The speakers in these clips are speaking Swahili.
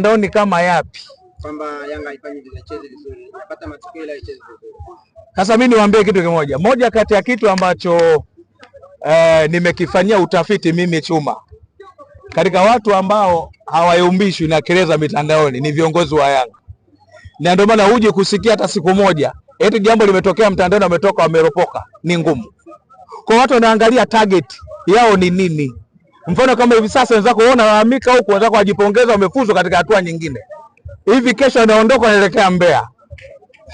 mtandaoni kama yapi? Kwamba Yanga haifanyi haichezi vizuri, inapata matokeo ila haichezi vizuri. Sasa mimi niwaambie kitu kimoja, moja kati ya kitu ambacho eh, nimekifanyia utafiti mimi Chuma, katika watu ambao hawayumbishwi na kelele mitandaoni ni viongozi wa Yanga, na ndio maana huji kusikia hata siku moja eti jambo limetokea mtandaoni, wametoka wameropoka, ni ngumu kwa watu wanaangalia target yao ni nini Mfano kama hivi sasa unaweza kuona wanalalamika huko, wenzako kujipongeza, wamefuzwa katika hatua nyingine. Hivi kesho anaondoka anaelekea Mbeya,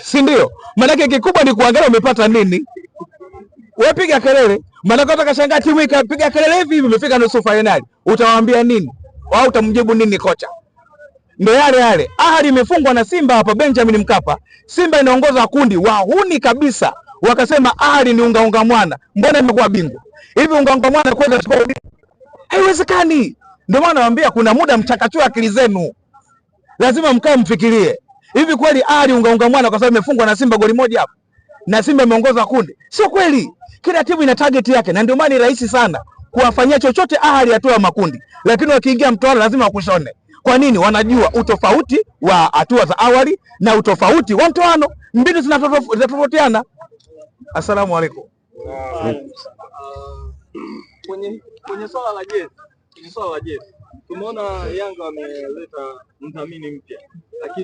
si ndio? Maanake kikubwa ni kuangalia umepata nini. Wewe piga kelele, maanake utakashangaa timu ikapiga kelele hivi hivi, imefika nusu fainali, utawaambia nini au utamjibu nini kocha? Ndo yale yale, Ahadi imefungwa na Simba hapa Benjamin Mkapa. Simba inaongoza kundi, wahuni kabisa, wakasema Ahadi ni ungaunga mwana, mbona imekuwa bingwa hivi? Ungaunga mwana kwenda Haiwezekani. Ndio maana nawaambia kuna muda mchakachua akili zenu, lazima mkae mfikirie, hivi kweli Ali ungaunga mwana kwa sababu imefungwa na Simba goli moja hapo na Simba imeongoza kundi? Sio kweli. Kila timu ina target yake, na ndio maana ni rahisi sana kuwafanyia chochote ahali hatua ya makundi, lakini wakiingia mtoano lazima wakushone. Kwa nini? Wanajua utofauti wa hatua za awali na utofauti wa mtoano, mbinu zinatofautiana. Asalamu alaykum kwenye kwenye swala la jezi, kwenye swala la jezi tumeona Yanga wameleta mdhamini mpya lakini